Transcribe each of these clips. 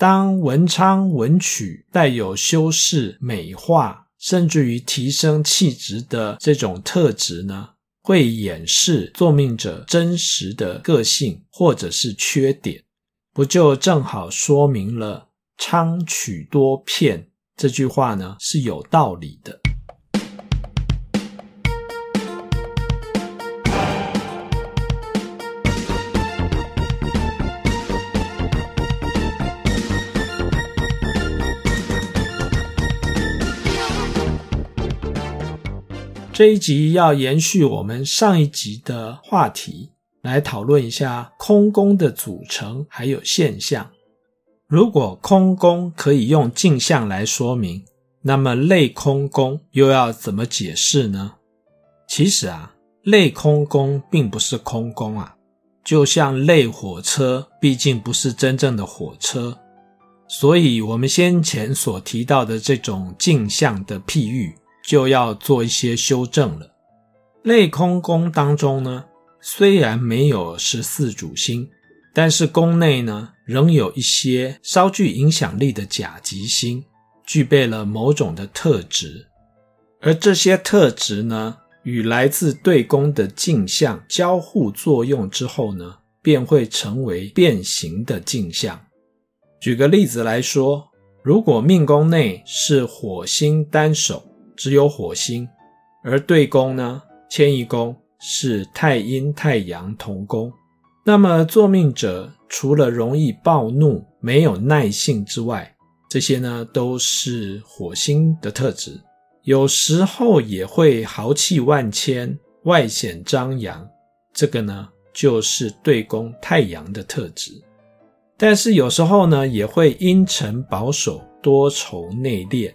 當文昌文曲帶有修飾、美化，甚至於提升氣質的這種特質呢，會掩飾坐命者真實的個性或者是缺點，不就正好說明了“昌曲多騙”這句話呢是有道理的？這一集要延續我們上一集的話題，來討論一下空宮的組成還有現象。如果空宮可以用鏡像來說明，那麼類空宮又要怎麼解釋呢？其實啊，類空宮並不是空宮啊，就像類火車，畢竟不是真正的火車。所以，我們先前所提到的這種鏡像的譬喻。就要做一些修正了。類空宮當中呢，雖然沒有十四主星，但是宮內呢，仍有一些稍具影響力的甲級星，具備了某種的特質。而這些特質呢，與來自對宮的鏡像交互作用之後呢，便會成為變形的鏡像。舉個例子來說，如果命宮內是火星單守。只有火星，而對宮呢，遷移宮是太陰、太陽同宮。那麼，坐命者除了容易暴怒、沒有耐性之外，這些呢都是火星的特質。有時候也會豪氣萬千、外顯張揚，這個呢就是對宮太陽的特質。但是有時候呢，也會陰沉、保守、多愁內斂，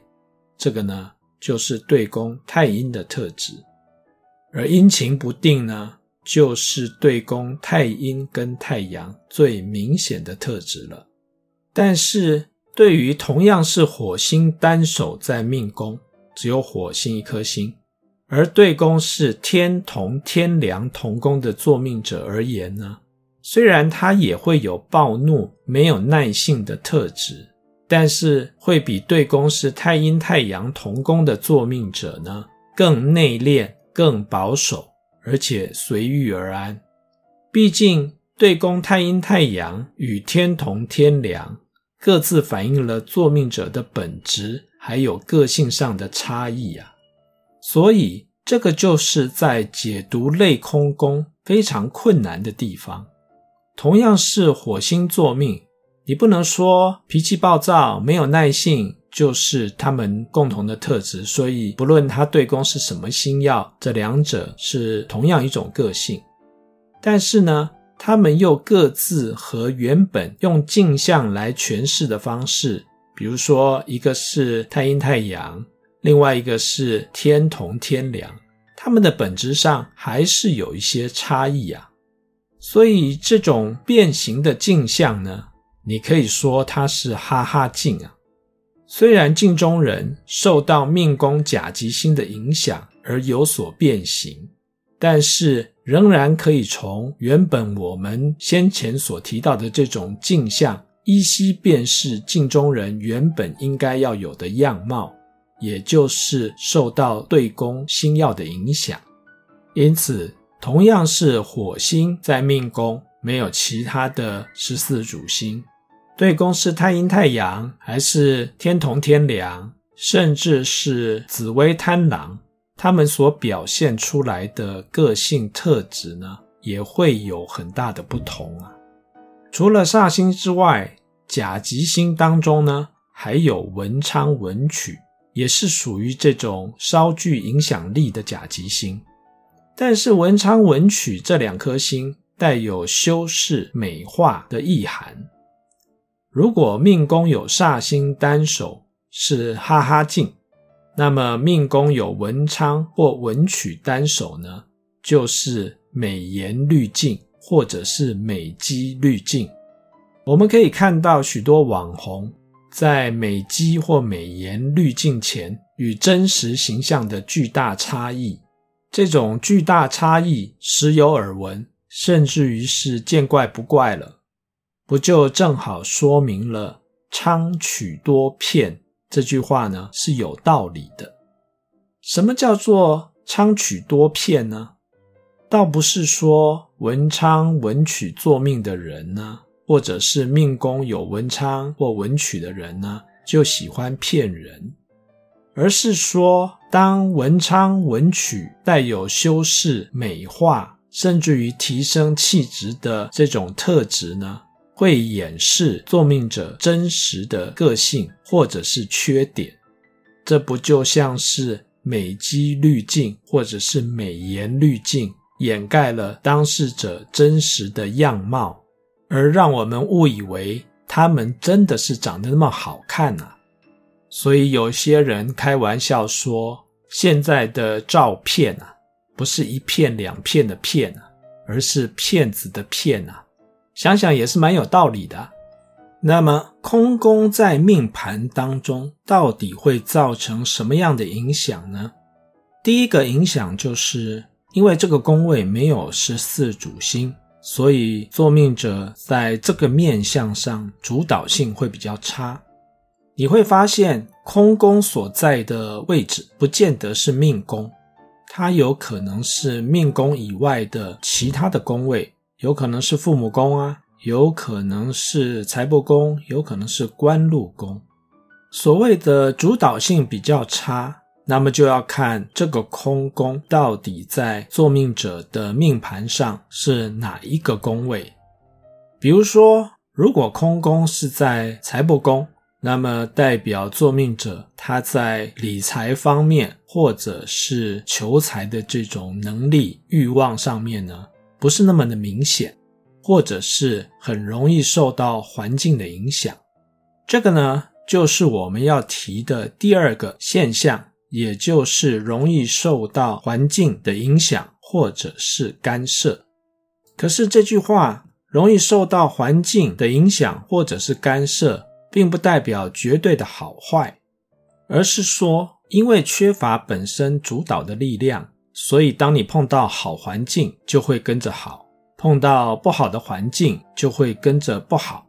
這個呢。就是對宮太陰的特質，而陰晴不定呢，就是對宮太陰跟太陽最明顯的特質了。但是，對於同樣是火星單守在命宮，只有火星一顆星，而對宮是天同天梁同宮的坐命者而言呢，雖然他也會有暴怒、沒有耐性的特質。但是會比對宮是太陰太陽同宮的坐命者呢，更內斂、更保守，而且隨遇而安。畢竟對宮太陰太陽與天同天梁，各自反映了坐命者的本質還有個性上的差異啊。所以這個就是在解讀類空宮非常困難的地方。同樣是火星坐命。你不能說脾氣暴躁、沒有耐性就是他們共同的特質，所以不論他對宮是什麼星曜，這兩者是同樣一種個性。但是呢，他們又各自和原本用鏡像來詮釋的方式，比如說一個是太陰太陽，另外一個是天同天梁，他們的本質上還是有一些差異啊。所以這種變形的鏡像呢，你可以說它是哈哈鏡啊，雖然鏡中人受到命宮甲級星的影響而有所變形，但是仍然可以從原本我們先前所提到的這種鏡像依稀辨識鏡中人原本應該要有的樣貌，也就是受到對宮星曜的影響。因此，同樣是火星在命宮，沒有其他的十四主星。對宮是太陰、太陽，還是天同、天梁，甚至是紫微貪狼，他們所表現出來的個性特質呢，也會有很大的不同啊。除了煞星之外，甲級星當中呢，還有文昌、文曲，也是屬於這種稍具影響力的甲級星。但是文昌、文曲這兩顆星，帶有修飾、美化的意涵。如果命宮有煞星單守，是哈哈鏡，那麼命宮有文昌或文曲單守呢，就是美顏濾鏡或者是美肌濾鏡。我們可以看到許多網紅在美肌或美顏濾鏡前與真實形象的巨大差異。這種巨大差異時有耳聞，甚至於是見怪不怪了。不就正好說明了“昌曲多騙”這句話呢是有道理的。什麼叫做“昌曲多騙”呢？倒不是說文昌文曲坐命的人呢，或者是命宮有文昌或文曲的人呢，就喜歡騙人，而是說當文昌文曲帶有修飾、美化，甚至於提升氣質的這種特質呢，會掩飾坐命者真實的個性或者是缺點，這不就像是美肌濾鏡或者是美顏濾鏡掩蓋了當事者真實的樣貌，而讓我們誤以為他們真的是長得那麼好看吶、啊？所以有些人開玩笑說，現在的照片啊，不是一片兩片的片啊，而是騙子的騙啊。想想也是蠻有道理的啊。那麼空宮在命盤當中到底會造成什麼樣的影響呢？第一個影響就是，因為這個宮位沒有十四主星，所以坐命者在這個面向上主導性會比較差。你會發現，空宮所在的位置不見得是命宮，它有可能是命宮以外的其他的宮位。有可能是父母宮啊，有可能是財帛宮，有可能是官祿宮。所謂的主導性比較差，那麼就要看這個空宮到底在坐命者的命盤上是哪一個宮位。比如說，如果空宮是在財帛宮，那麼代表坐命者他在理財方面或者是求財的這種能力欲望上面呢，不是那麼的明顯，或者是很容易受到環境的影響。這個呢，就是我們要提的第二個現象，也就是容易受到環境的影響或者是干涉。可是這句話“容易受到環境的影響或者是干涉”並不代表絕對的好壞，而是說因為缺乏本身主導的力量。所以，當你碰到好環境，就會跟着好；碰到不好的環境，就會跟着不好。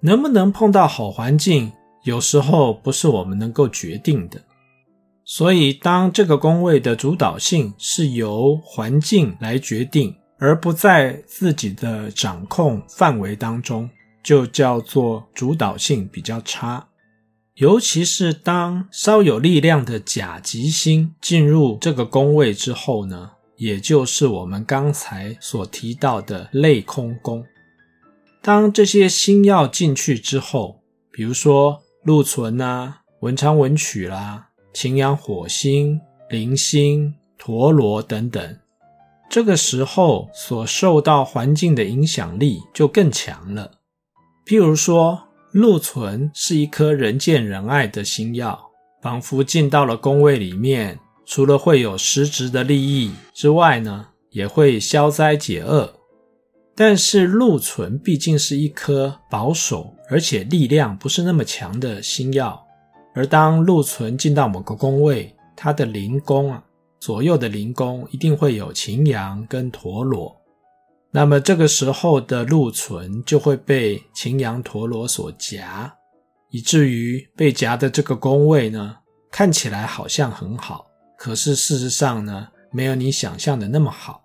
能不能碰到好環境，有時候不是我們能夠決定的。所以，當這個宮位的主導性是由環境來決定，而不在自己的掌控範圍當中，就叫做主導性比較差。尤其是當稍有力量的甲級星進入這個宮位之後呢，也就是我們剛才所提到的類空宮。當這些星要進去之後，比如說祿存啊、文昌文曲啦、啊、擎羊火星、鈴星、陀羅等等，這個時候所受到環境的影響力就更強了。譬如說，祿存是一顆人見人愛的星曜，仿佛進到了宮位裡面，除了會有實質的利益之外呢，也會消災解厄。但是祿存畢竟是一顆保守，而且力量不是那麼強的星曜，而當祿存進到某個宮位，它的鄰宮啊，左右的鄰宮一定會有擎羊跟陀羅。那麼這個時候的祿存就會被擎羊陀羅所夾，以至於被夾的這個宮位呢，看起來好像很好，可是事實上呢，沒有你想象的那麼好。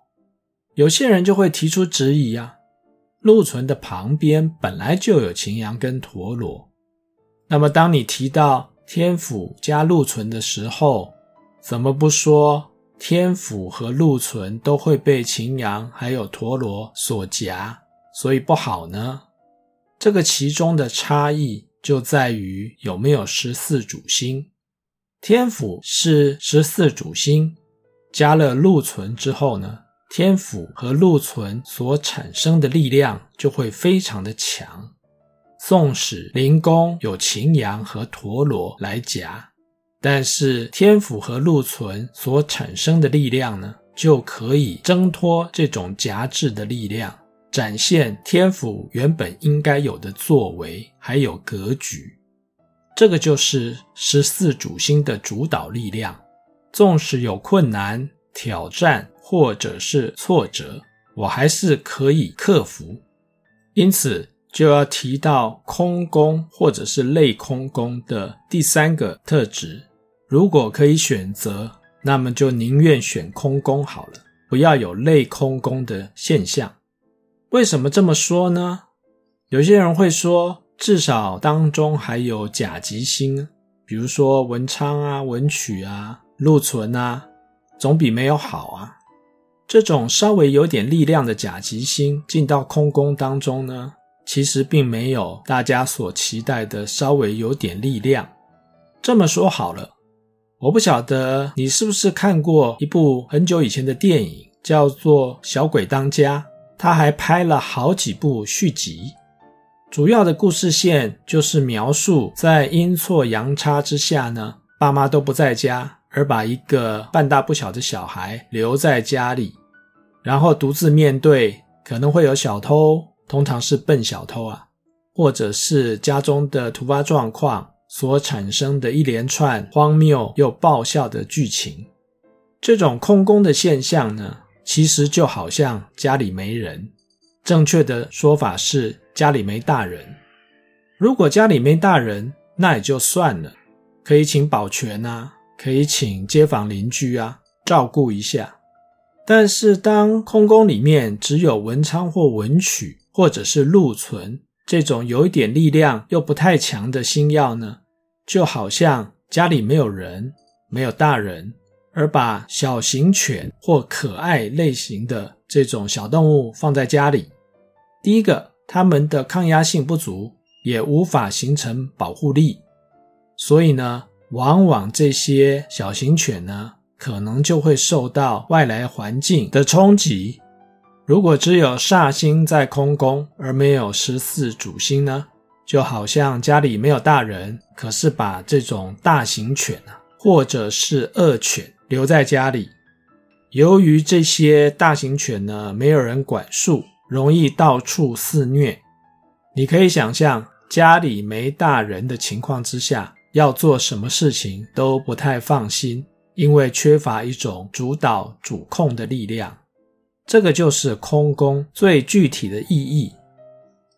有些人就會提出質疑啊，祿存的旁邊本來就有擎羊跟陀羅，那麼當你提到天府加祿存的時候，怎麼不說？天府和祿存都會被擎羊還有陀羅所夾，所以不好呢？這個其中的差異就在於有沒有十四主星。天府是十四主星，加了祿存之後呢，天府和祿存所產生的力量就會非常的強，縱使鄰宮有擎羊和陀羅來夾。但是天府和祿存所產生的力量呢，就可以掙脫這種夾制的力量，展現天府原本應該有的作為，還有格局。這個就是十四主星的主導力量。縱使有困難、挑戰或者是挫折，我還是可以克服。因此，就要提到空宮或者是類空宮的第三個特質。如果可以選擇，那麼就寧願選空宮好了，不要有類空宮的現象。為什麼這麼說呢？有些人會說，至少當中還有甲級星，比如說文昌啊、文曲啊、祿存啊，總比沒有好啊。這種稍微有點力量的甲級星進到空宮當中呢，其實並沒有大家所期待的稍微有點力量。這麼說好了。我不曉得你是不是看過一部很久以前的電影，叫做《小鬼當家》。他還拍了好幾部續集，主要的故事線就是描述在陰錯陽差之下呢，爸媽都不在家，而把一個半大不小的小孩留在家裡，然後獨自面對可能會有小偷，通常是笨小偷啊，或者是家中的突發狀況。所產生的一連串荒謬又爆笑的劇情，這種空宮的現象呢，其實就好像家裡沒人。正確的說法是家裡沒大人。如果家裡沒大人，那也就算了，可以請保全啊，可以請街坊鄰居啊照顧一下。但是當空宮裡面只有文昌或文曲，或者是祿存這種有一點力量又不太強的星曜呢？就好像家裡沒有人，沒有大人，而把小型犬或可愛類型的這種小動物放在家裡，第一個，它們的抗壓性不足，也無法形成保護力，所以呢，往往這些小型犬呢，可能就會受到外來環境的衝擊。如果只有煞星在空宮，而沒有十四主星呢？就好像家裡沒有大人，可是把這種大型犬啊，或者是惡犬留在家裡。由於這些大型犬呢，沒有人管束，容易到處肆虐。你可以想象，家裡沒大人的情況之下，要做什麼事情都不太放心，因為缺乏一種主導、主控的力量。這個就是空宮最具體的意義。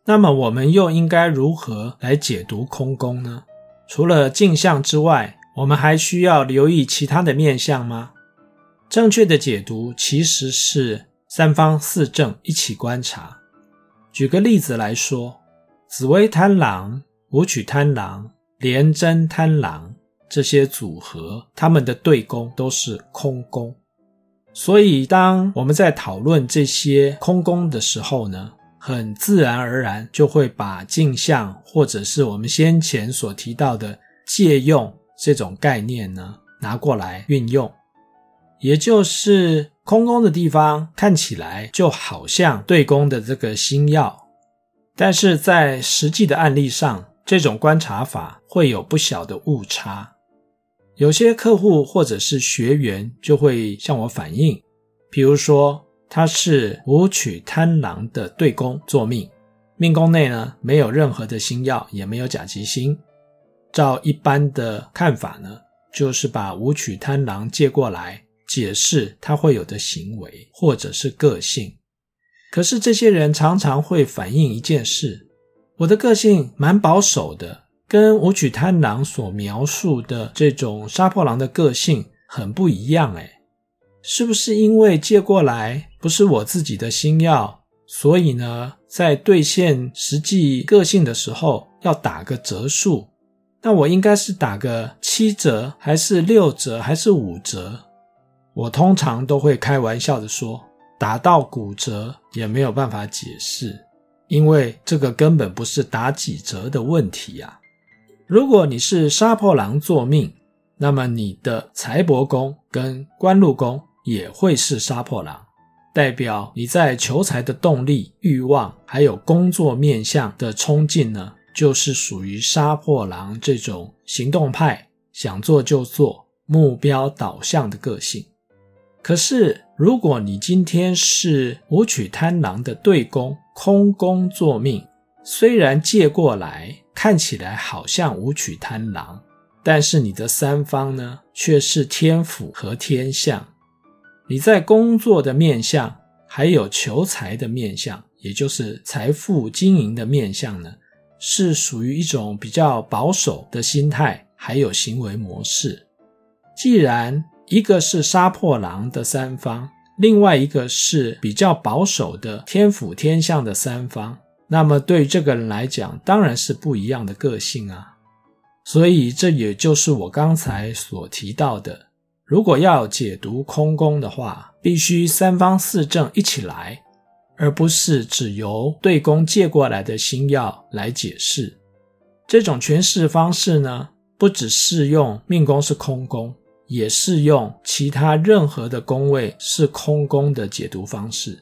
那麼我們又應該如何來解讀空宮呢？除了鏡像之外，我們還需要留意其他的面向嗎？正確的解讀其實是三方四正一起觀察。舉個例子來說，紫微貪狼、武曲貪狼、廉貞貪狼這些組合，他們的對宮都是空宮。所以當我們在討論這些空宮的時候呢，很自然而然就會把鏡像，或者是我們先前所提到的借用這種概念呢，拿過來運用。也就是空宮的地方看起來就好像對宮的這個星曜，但是在實際的案例上，這種觀察法會有不小的誤差。有些客戶或者是學員就會向我反映，比如說。他是武曲貪狼的對宮坐命，命宮內呢沒有任何的星曜，也沒有甲級星。照一般的看法呢，就是把武曲貪狼借過來解釋他會有的行為或者是個性。可是這些人常常會反映一件事：我的個性蠻保守的，跟武曲貪狼所描述的這種殺破狼的個性很不一樣。誒，是不是因為借過來？不是我自己的星曜，所以呢，在兌現實際個性的時候要打個折數。那我應該是打個七折，還是六折，還是五折？我通常都會開玩笑的說，打到骨折也沒有辦法解釋，因為這個根本不是打幾折的問題呀、啊。如果你是殺破狼做命，那麼你的財帛宮跟官祿宮也會是殺破狼。代表你在求財的動力、欲望，還有工作面向的衝勁呢，就是屬於殺破狼這種行動派，想做就做，目標導向的個性。可是，如果你今天是武曲貪狼的對宮空宮坐命，雖然借過來看起來好像武曲貪狼，但是你的三方呢卻是天府和天相。你在工作的面相，還有求財的面相，也就是財富經營的面相呢，是屬於一種比較保守的心態，還有行為模式。既然一個是殺破狼的三方，另外一個是比較保守的天府天相的三方，那麼對於這個人來講，當然是不一樣的個性啊。所以這也就是我剛才所提到的。如果要解讀空宮的話，必須三方四正一起來，而不是只由對宮借過來的星曜來解釋。這種詮釋方式呢，不只適用命宮是空宮，也適用其他任何的宮位是空宮的解讀方式。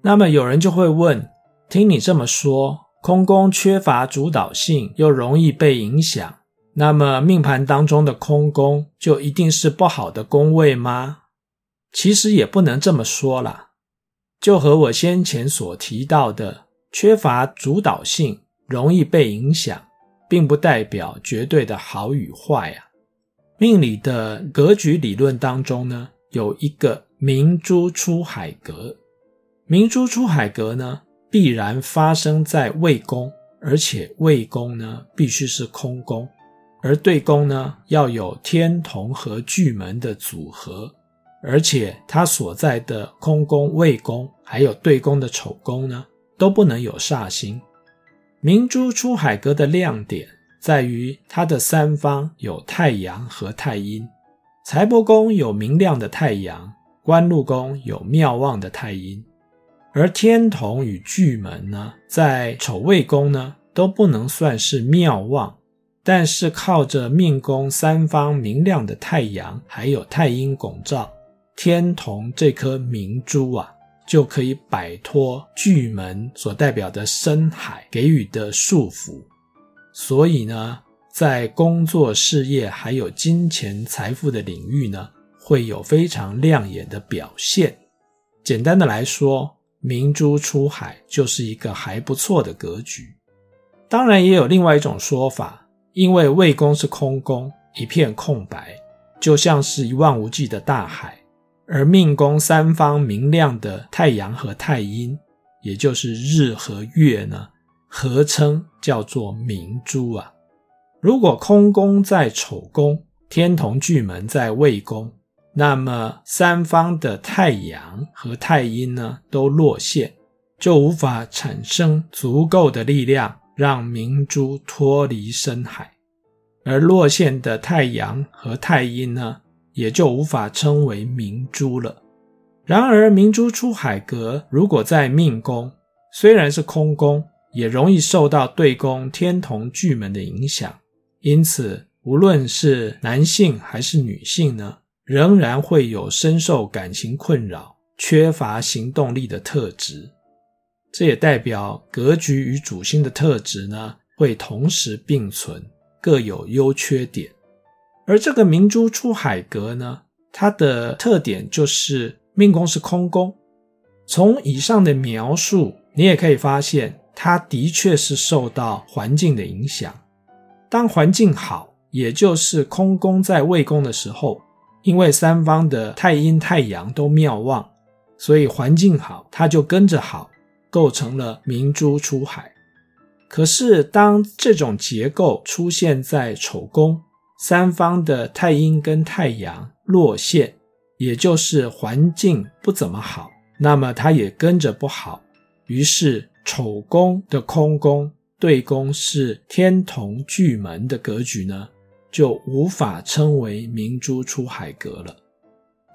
那麼有人就會問：聽你這麼說，空宮缺乏主導性，又容易被影響。那麼命盤當中的空宮就一定是不好的宮位嗎？其實也不能這麼說啦，就和我先前所提到的，缺乏主導性、容易被影響，並不代表絕對的好與壞啊，命理的格局理論當中呢，有一個明珠出海格“明珠出海格”，“明珠出海格”呢必然發生在未宮，而且未宮呢必須是空宮。而對宮呢，要有天同和巨門的組合，而且他所在的空宮、未宮，還有對宮的丑宮呢，都不能有煞星。明珠出海格的亮點在於它的三方有太陽和太陰，財帛宮有明亮的太陽，官祿宮有廟旺的太陰，而天同與巨門呢，在丑未宮呢，都不能算是廟旺。但是靠着命宮三方明亮的太陽，還有太陰拱照，天同這顆明珠啊，就可以擺脫巨門所代表的深海給予的束縛。所以呢，在工作、事業還有金錢、財富的領域呢，會有非常亮眼的表現。簡單的來說，明珠出海就是一個還不錯的格局。當然，也有另外一種說法。因為未宮是空宮，一片空白，就像是一望無際的大海。而命宮三方明亮的太陽和太陰，也就是日和月呢，合稱叫做明珠啊。如果空宮在丑宮，天同巨門在未宮，那麼三方的太陽和太陰呢都落陷，就無法產生足夠的力量。讓明珠脫離深海，而落陷的太陽和太陰呢，也就無法稱為明珠了。然而，明珠出海格如果在命宮，雖然是空宮，也容易受到對宮天同巨門的影響，因此無論是男性還是女性呢，仍然會有深受感情困擾、缺乏行動力的特質。這也代表格局與主星的特質呢，會同時並存，各有優缺點。而這個明珠出海格呢，它的特點就是命宮是空宮。從以上的描述，你也可以發現，它的確是受到環境的影響。當環境好，也就是空宮在未宮的時候，因為三方的太陰、太陽都廟旺，所以環境好，它就跟着好。構成了明珠出海。可是，當這種結構出現在丑宮，三方的太陰跟太陽落陷，也就是環境不怎麼好，那麼它也跟着不好。於是，丑宮的空宮對宮是天同巨門的格局呢，就無法稱為明珠出海格了。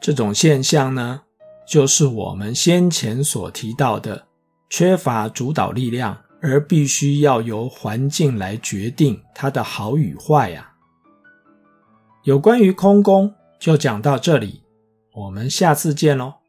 這種現象呢，就是我們先前所提到的。缺乏主導力量，而必須要由環境來決定它的好與壞呀。有關於空宮就講到這裡，我們下次見嘍。